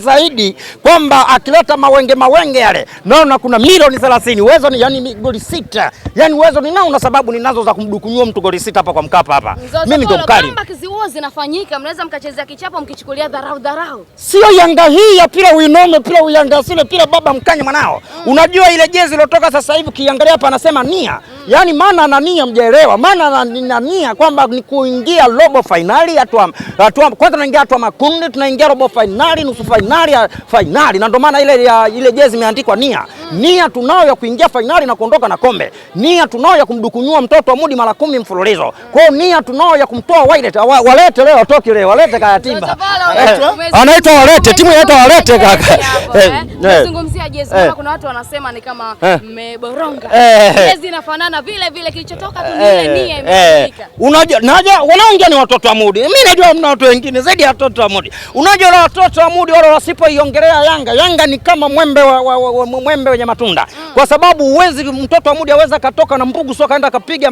zaidi kwamba akileta mawenge mawenge yale, naona kuna milioni 30 uwezo ni yani goli sita, yani uwezo ninao, na sababu ninazo za kumdukunyua mtu goli sita hapa kwa Mkapa hapa. Mimi ndo mkali huwa zinafanyika, mnaweza mkachezea kichapo mkichukulia dharau dharau, sio Yanga hii ya pira uinome pira uyangasile pira baba mkanye mwanao mm. Unajua ile jezi iliotoka sasa hivi ukiangalia hapa anasema nia mm. Yaani maana ana nia mjaelewa, maana ana nia kwamba ni kuingia robo fainali hatua hatua, kwanza tunaingia hatua makundi, tunaingia robo fainali, nusu fainali, ya fainali, na ndio maana ile ya, ile jezi imeandikwa nia mm. Nia tunao ya kuingia fainali na kuondoka na kombe, nia tunao ya kumdukunyua mtoto wa Mudi mara kumi mfululizo mm. Kwa hiyo nia tunao ya kumtoa Wydad walete leo, toki leo, walete kaya Timba, eh. anaitwa walete, timu inaitwa walete kaka. Eh. Eh. Tunazungumzia jezi, kuna watu wanasema ni kama mmeboronga jezi, inafanana vile vile, kilichotoka tu ile nia imefika. Unajua naja wanaongea ni watoto wa mudi, mimi najua mna watu wengine zaidi ya watoto wa mudi. Unajua na watoto wa mudi wale wasipoiongelea Yanga, Yanga ni kama mwembe wa, wa, wa, wa, mwembe wenye matunda mm kwa sababu uwezi mtoto wa Mudi aweza katoka na mbugu sio kaenda kapiga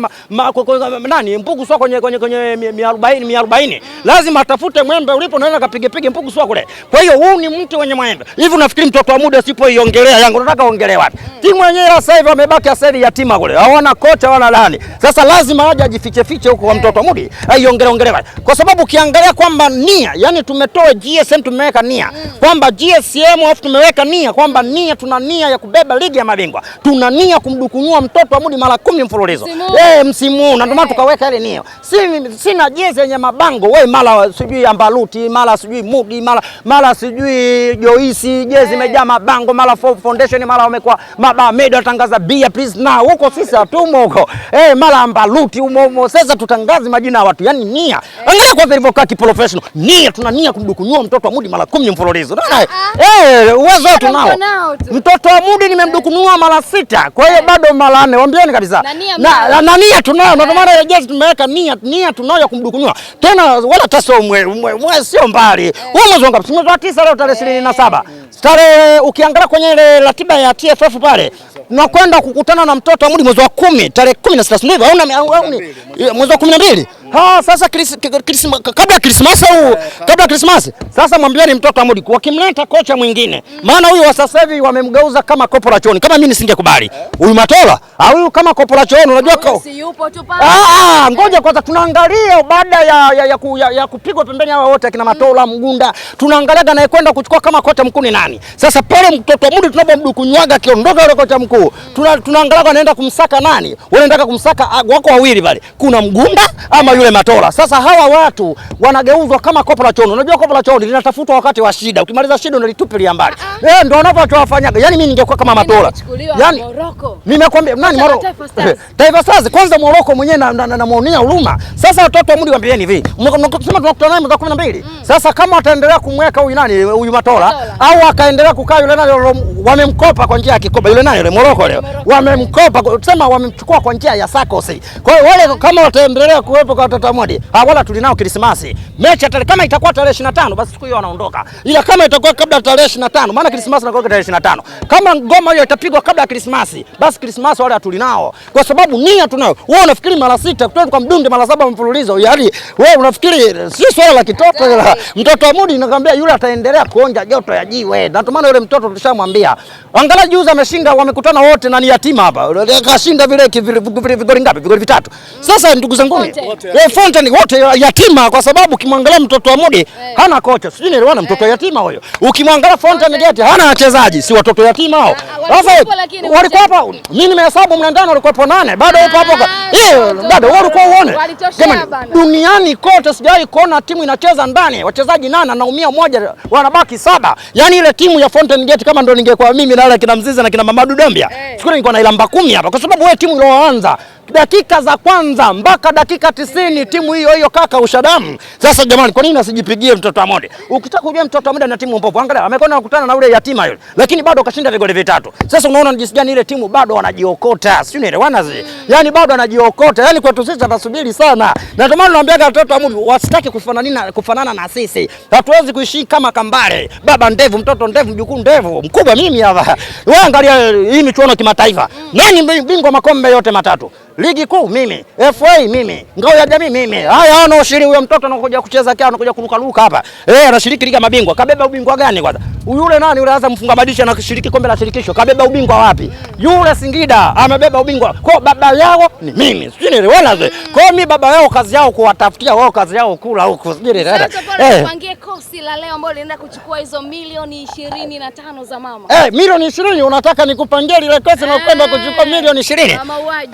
nani mbugu sio kwenye kwenye kwenye 140 140 lazima atafute mwembe ulipo naenda kapiga piga mbugu sio kule. Kwa hiyo huu ni mtu wenye mwembe hivi. Unafikiri mtoto wa Mudi asipoiongelea Yanga unataka ongelee wapi? Mm. Timu yenyewe sasa hivi amebaki asali yatima kule, hawana kocha wala nani. Sasa lazima aje ajifiche fiche huko kwa eh. mtoto wa Mudi aiongelee ongelee wapi? Kwa sababu ukiangalia kwamba nia yani tumetoa GSM tumeweka nia mm. kwamba GSM afu tumeweka nia kwamba nia tuna nia ya kubeba ligi ya mabingwa Mnasingwa tuna nia kumdukunyua mtoto wa Mudi mara kumi mfululizo eh, msimu huu, na ndio maana eh. tukaweka ile nia. Sina jezi yenye mabango we, mara sijui ambaluti, mara sijui mudi, mara mara sijui Joisi, jezi eh. imejaa mabango, mara foundation, mara wamekuwa mada media tangaza bia please na huko sisi eh. hatumo huko eh, mara ambaluti umo umo. Sasa tutangazi majina ya watu, yani nia, angalia kwa vilivyokaa kiprofessional. Nia, tuna nia kumdukunyua mtoto wa Mudi mara kumi mfululizo. Ah, ah. Eh, uwezo tunao, mtoto wa Mudi, nimemdukunyua kama mara sita, kwa hiyo eh. bado mara nne. Waambieni kabisa na na nia tunayo, ndio eh. maana jezi tumeweka nia, nia tunayo ya kumdukunyua tena, wala taso mwe sio mbali, eh. wewe. mwezi wangapi? Mwezi wa tisa, leo tarehe ishirini na saba tarehe ukiangalia kwenye ile ratiba ya TFF pale nakwenda kukutana na mtoto amudi mwezi wa kumi tarehe kumi na sita, Mwezi wa kumi na mbili Ha, sasa kabla ya Christmas au eh, kabla ya Christmas, sasa mwambieni mtoto amudi wakimleta kocha mwingine Maana huyu wa sasa hivi wamemgeuza kama koporachoni. Kama mimi nisingekubali eh. huyu Matola au huyu kama koporachoni, unajua kwa ah, ah, ngoja kwanza tunaangalia baada ya, ya, ya, ya, ya kupigwa pembeni hawa wote akina Matola mm. Mgunda tunaangalia na kwenda kuchukua kama kocha mkuu ni nani sasa pale mtoto amudi tunapomdu kunywaga kiondoka yule kocha mkuu mm. Tunaangalia anaenda kumsaka nani, wanaenda kumsaka wako wawili pale, kuna Mgunda ama yule Matola. Sasa hawa watu wanageuzwa kama kopo la chooni. Unajua kopo la chooni linatafutwa wakati wa shida, ukimaliza shida unalitupilia mbali. Ah, ah. Eh, uh -huh. ndio wanavyowafanyaga. Yaani mimi ningekuwa kama yaani Matola. Yaani nimekwambia nani Moroko? Taifa Stars kwanza Moroko mwenyewe na na muonea huruma. Sasa watoto wa mudi waambieni hivi. Mnasema tunakutana naye mwaka 12. Mm. Sasa kama wataendelea kumweka huyu nani huyu Matola au akaendelea kukaa yule nani wamemkopa kwa njia ya kikoba yule nani yule Moroko leo. Wamemkopa sema wamemchukua kwa njia ya sakosi. Kwa hiyo wale kama wataendelea kuwepo kwa watoto wa mwadi wala tulinao Krismasi. Mechi ya tarehe kama itakuwa tarehe 25 basi siku hiyo wanaondoka. ila kama itakuwa kabla tarehe 25, maana Krismasi inakuwa tarehe 25, kama ngoma hiyo itapigwa kabla ya Krismasi, basi Krismasi wale hatulinao, kwa sababu nia tunayo. Wewe unafikiri mara sita kutoka kwa mdunde mara saba mfululizo, yaani wewe unafikiri si swala la kitoto, ila mtoto wa mudi nakwambia, yule ataendelea kuonja joto ya jiwe, na tumana yule mtoto tulishamwambia, angalau juzi ameshinda, wamekutana wote na ni yatima hapa, kashinda vile vigoli ngapi? Vigoli vitatu. Sasa ndugu zangu Eh, Wewe Fountain wote yatima, kwa sababu ukimwangalia mtoto wa Mude eh. hana kocha, sijui niliona mtoto eh. yatima huyo. Ukimwangalia Fountain Gate hana wachezaji, si watoto yatima hao. Sasa ah, eh, walikuwa hapa, mimi nimehesabu mle ndani walikuwa hapo nane, bado hapo hapo. Ah, eh, bado wewe ulikuwa uone, jamani, duniani kote sijawahi kuona timu inacheza ndani wachezaji nane, anaumia moja wanabaki saba. Yaani ile timu ya Fountain Gate kama ndo ningekuwa mimi na wale kina Mzizi na kina Mamadu Dambia, hey. Siku nilikuwa na ilamba kumi hapa, kwa sababu wewe timu ilioanza dakika za kwanza mpaka dakika tisini timu hiyo hiyo kaka ushadamu. Sasa jamani, kwa nini asijipigie mtoto wa Monde? Ukitaka kujua mtoto wa Monde na timu mbovu, angalia amekwenda kukutana na ule yatima yule, lakini bado kashinda vigoli vitatu. Sasa unaona ni jinsi gani ile timu bado wanajiokota, sio ni wana zi mm. yani bado wanajiokota yani, kwetu sisi tunasubiri sana, na ndio maana naambia watoto wa Monde wasitaki kufanana kufanana na sisi. Hatuwezi kuishi kama kambare, baba ndevu, mtoto ndevu, mjukuu ndevu, mkubwa mimi hapa. Wewe angalia eh, hii michuano kimataifa, mm. nani bingwa makombe yote matatu? ligi kuu mimi, FA mimi, ngao ya jamii mimi. Haya, ana wanaoshiriki huyo mtoto anakuja kucheza kia, anakuja luka hapa eh, anashiriki liga mabingwa, kabeba ubingwa gani kwanza? yule nani yule Azam mfunga badilisha na kushiriki kombe la shirikisho kabeba ubingwa wapi? Yule Singida amebeba ubingwa Kwa baba yao ni mimi, sijui niliona ze mm. Kwa Mi baba yao kazi yao kuwatafutia wao, kazi yao kula huko, sijui niliona eh, tupangie kosi la leo ambao linaenda kuchukua hizo milioni 25 za mama eh, milioni 20 unataka nikupangie lile kosi na eh, kwenda kuchukua milioni 20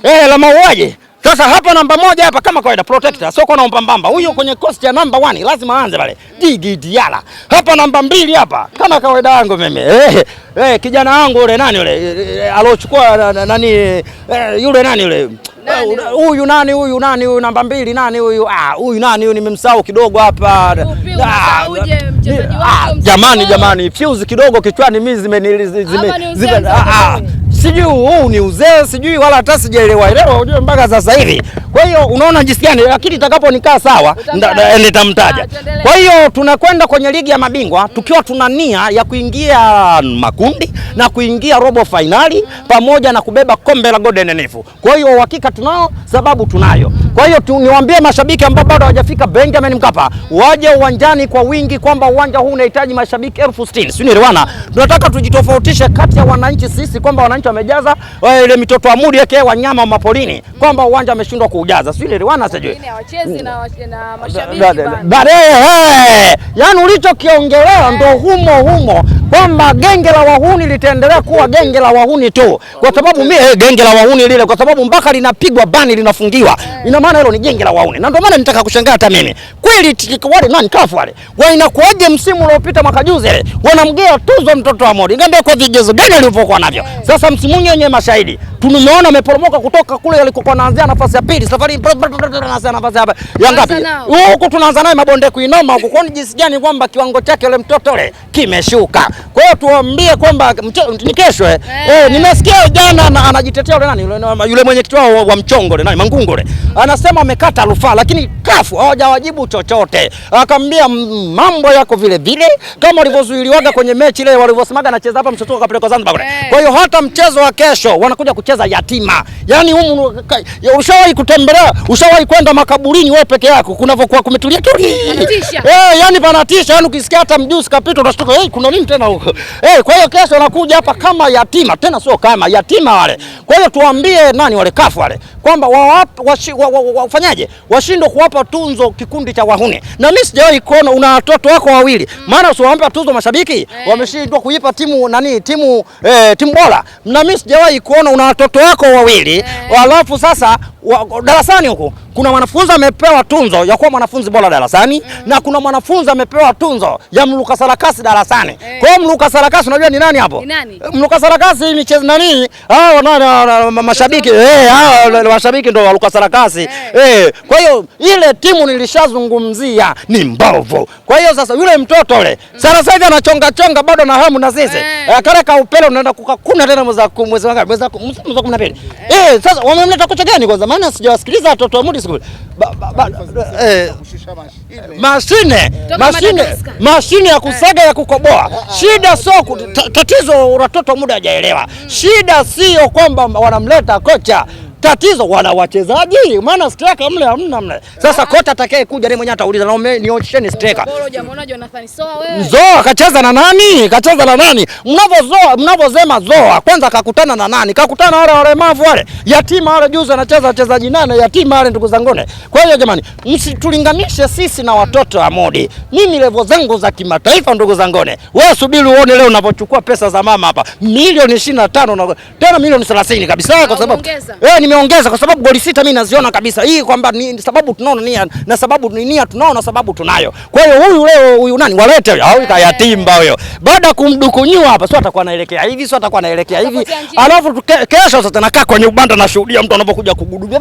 eh la mauaji sasa hapa namba moja hapa kama kawaida protector sio kona mbambamba. Huyo kwenye cost ya namba 1 lazima aanze pale. Didi Diala. Hapa namba mbili hapa kama kawaida yangu mimi. Eh, eh, kijana wangu yule nani yule eh, eh, alochukua eh, nani yule nani yule huyu nani huyu nani huyu namba mbili nani huyu ah huyu nani huyu nimemsahau kidogo hapa. Ah, ah, jamani jamani, fuse kidogo kichwani mimi zime sijui huu ni uzee, sijui wala hata sijaelewa elewa, unajua mpaka sasa hivi kwa hiyo unaona jinsi gani, lakini itakaponikaa sawa nitamtaja. Ah, kwa hiyo tunakwenda kwenye ligi ya mabingwa mm. tukiwa tuna nia ya kuingia makundi mm. na kuingia robo fainali pamoja na kubeba kombe la Golden Nifu. Kwa hiyo uhakika tunao, sababu tunayo. Kwa hiyo tu, niwaambie mashabiki ambao bado hawajafika Benjamin Mkapa waje uwanjani kwa wingi, kwamba uwanja huu unahitaji mashabiki elfu sitini. Si nielewana? Tunataka tujitofautishe kati ya wananchi sisi, kwamba wananchi wamejaza eh, ile mitoto amudi yake wanyama wa mapolini, kwamba uwanja ameshindwa ku kujaza yaani, ulichokiongelea ndo eh. humo humo kwamba genge la wahuni litaendelea kuwa genge la wahuni tu, kwa sababu mimi eh, genge la wahuni lile, kwa sababu mpaka linapigwa bani linafungiwa, eh. ina maana hilo ni genge la wahuni. Na ndio maana nitaka kushangaa hata mimi kweli, wale nani kafu wale wanakuaje? Msimu uliopita mwaka juzi wanamgea tuzo mtoto wa Modi, ngambia kwa vigezo gani alivyokuwa navyo? Sasa msimu wenyewe mashahidi tumeona ameporomoka kutoka kule alikokuwa anaanzia nafasi ya pili, safari anaanzia nafasi hapa ya ngapi huko, tunaanza naye mabonde kuinoma huko. Kwaoni jinsi gani kwamba kiwango chake yule mtoto ile kimeshuka. Kwa hiyo tuambie kwamba ni kesho eh, eh. Oh, nimesikia jana anajitetea yule nani yule mwenyekiti wao wa mchongo ile nani Mangungu ile anasema amekata rufaa, lakini kafu hawajawajibu chochote. Akamwambia mambo yako vile vile kama walivyozuiliwaga kwenye mechi ile walivyosemaga anacheza hapa mtoto akapelekwa Zanzibar eh. Kwa hiyo hata mchezo wa kesho wanakuja kucheza kutelekeza yatima. Yaani humu ya ushawahi kutembelea, ushawahi kwenda makaburini wewe peke yako kunavyokuwa kumetulia tuli. Eh, yaani panatisha, yaani ukisikia hata mjusi kapita unashtuka, hey, kuna nini tena huko? Eh, kwa hiyo kesho anakuja hapa kama yatima, tena sio kama yatima wale. Kwa hiyo tuambie nani wale kafu wale kwamba wafanyaje wa, wa, wa, washindwe kuwapa tunzo kikundi cha wahune, na mimi sijawahi kuona una watoto wako wawili mm. maana mm. usiwampa tunzo mashabiki eh. wameshindwa kuipa timu nani timu eh, timu bora, na mimi sijawahi kuona una watoto wako wawili eh. alafu sasa wa, darasani huko kuna mwanafunzi amepewa tunzo ya kuwa mwanafunzi bora darasani mm. na kuna mwanafunzi amepewa tunzo ya mluka sarakasi darasani eh. Kwa hiyo mluka sarakasi unajua ni nani hapo? Ni Mluka sarakasi ni cheza nani? Hao na mashabiki eh, hao mashabiki ndio waluka sarakasi eh. eh. Kwa hiyo ile timu nilishazungumzia ni mbovu. Kwa hiyo sasa yule mtoto yule mm. sasa hivi anachonga chonga bado na hamu na sisi eh. eh Kale ka upele unaenda kukakuna tena mwezi wa mwezi wa 12 eh. eh. Sasa wamemleta kocha gani kwanza? Maana Sijawasikiliza watoto wa Mudi mashine ya kusaga ya kukoboa. Eh, eh, Shida eh, sio tatizo, watoto muda hajaelewa. Mm. Shida sio kwamba wanamleta kocha Tatizo wana wachezaji, maana striker mle hamna mle. Sasa kocha atakaye kuja ni mwenye atauliza na niocheni striker. Zoa kacheza na nani? Kacheza na nani? Mnavozoa, mnavosema Zoa kwanza kakutana na nani? Kakutana wale wale mavu wale. Yatima wale juzi anacheza wachezaji nane yatima wale ndugu zangone. Kwa hiyo jamani, msitulinganishe sisi na watoto wa Modi. Mimi levo zangu za kimataifa ndugu zangone. Wewe subiri uone leo unapochukua pesa za mama hapa. Milioni 25 na tena milioni 30 kabisa kwa sababu. Eh, nimeongeza kwa sababu goli sita mimi naziona kabisa hii kwamba ni sababu tunaona nia na sababu ni nia tunaona sababu tunayo. Kwa hiyo huyu leo huyu nani walete huyo au kayatimba huyo. Baada ya kumdukunyua hapa sio atakuwa anaelekea hivi sio atakuwa anaelekea hivi. Alafu kesho sasa nakaa kwenye ubanda nashuhudia mtu anapokuja kugudubia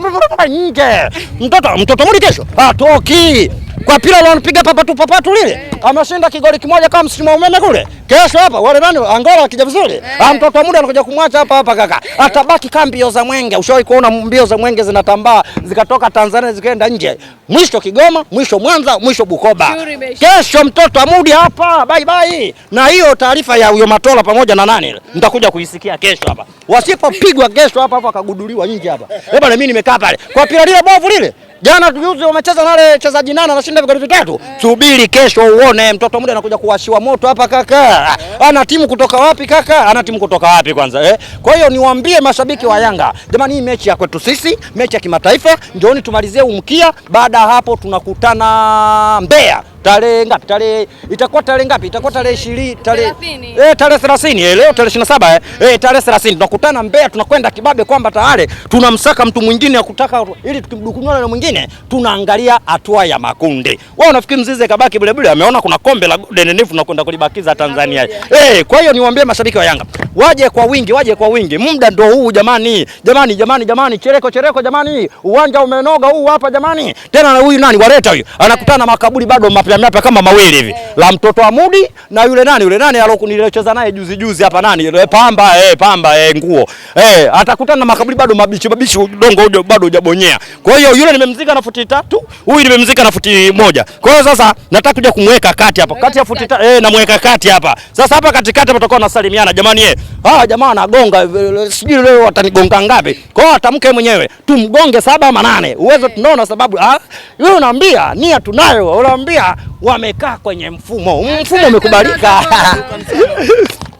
Nje. Mtoto mtoto muri kesho. Hatoki kwa pila wanapiga papatu papatu lile eh. hey. Ameshinda kigoli kimoja kama msimu wa umeme kule. Kesho hapa wale nani Angola akija vizuri hey. Eh. Ah, mtoto wa muda anakuja kumwacha hapa hapa kaka hey. Eh. Atabaki kama mbio za mwenge. Ushawahi kuona mbio za mwenge zinatambaa zikatoka Tanzania zikaenda nje, mwisho Kigoma, mwisho Mwanza, mwisho Bukoba. Kesho mtoto amudi hapa bye bye. Na hiyo taarifa ya huyo Matola pamoja na nani mtakuja kuisikia kesho hapa wasipopigwa kesho hapa hapa akaguduliwa nje hapa. Hebu na mimi nimekaa pale kwa pila lile bovu lile Jana tujuzi wamecheza nale chezaji nane anashinda vigoli vitatu. Eh. Subiri kesho uone mtoto muda anakuja kuwashiwa moto hapa kaka. Eh. Ana timu kutoka wapi kaka? Ana timu kutoka wapi kwanza eh? Kwa hiyo niwaambie mashabiki wa eh. Yanga, jamani hii mechi ya kwetu sisi, mechi ya kimataifa, njooni tumalizie umkia, baada ya hapo tunakutana Mbeya tarehe ngapi? Tarehe itakuwa tarehe ngapi? Itakuwa tarehe 20, tarehe eh, tarehe 30 eh, leo tarehe 27 eh, eh, tarehe 30 tunakutana Mbeya, tunakwenda kibabe kwamba tayari tunamsaka mtu mwingine ya kutaka ili tukimdukunywa na mwingine tunaangalia hatua ya makundi. Wewe unafikiri Mzize kabaki bure bure? Ameona kuna kombe la Golden Leaf tunakwenda kulibakiza Tanzania. Eh, kwa hiyo niwaambie mashabiki wa Yanga waje kwa wingi, waje kwa wingi, muda ndio huu jamani, jamani, jamani, jamani, chereko chereko jamani, uwanja umenoga huu hapa jamani. Tena na huyu nani waleta huyu anakutana makaburi bado mapi tuliamia hapa kama mawili hivi eh, La mtoto wa Mudi na yule nani yule nani aliyonicheza naye juzi juzi hapa nani yule eh, pamba eh, pamba eh, nguo eh, atakutana na makaburi bado mabichi mabichi, udongo bado hujabonyea. Kwa hiyo yule nimemzika na futi tatu, huyu nimemzika na futi moja. Kwa hiyo sasa nataka kuja kumweka kati hapa kati ya futi tatu eh, namweka kati hapa sasa. Hapa katikati patakuwa nasalimiana, jamani eh, ah, jamaa anagonga, eh, sijui leo atanigonga ngapi. Kwa hiyo atamke mwenyewe tumgonge saba ama nane uwezo tunaona, sababu ah, yule unaambia nia tunayo, unaambia wamekaa kwenye mfumo, mfumo umekubalika.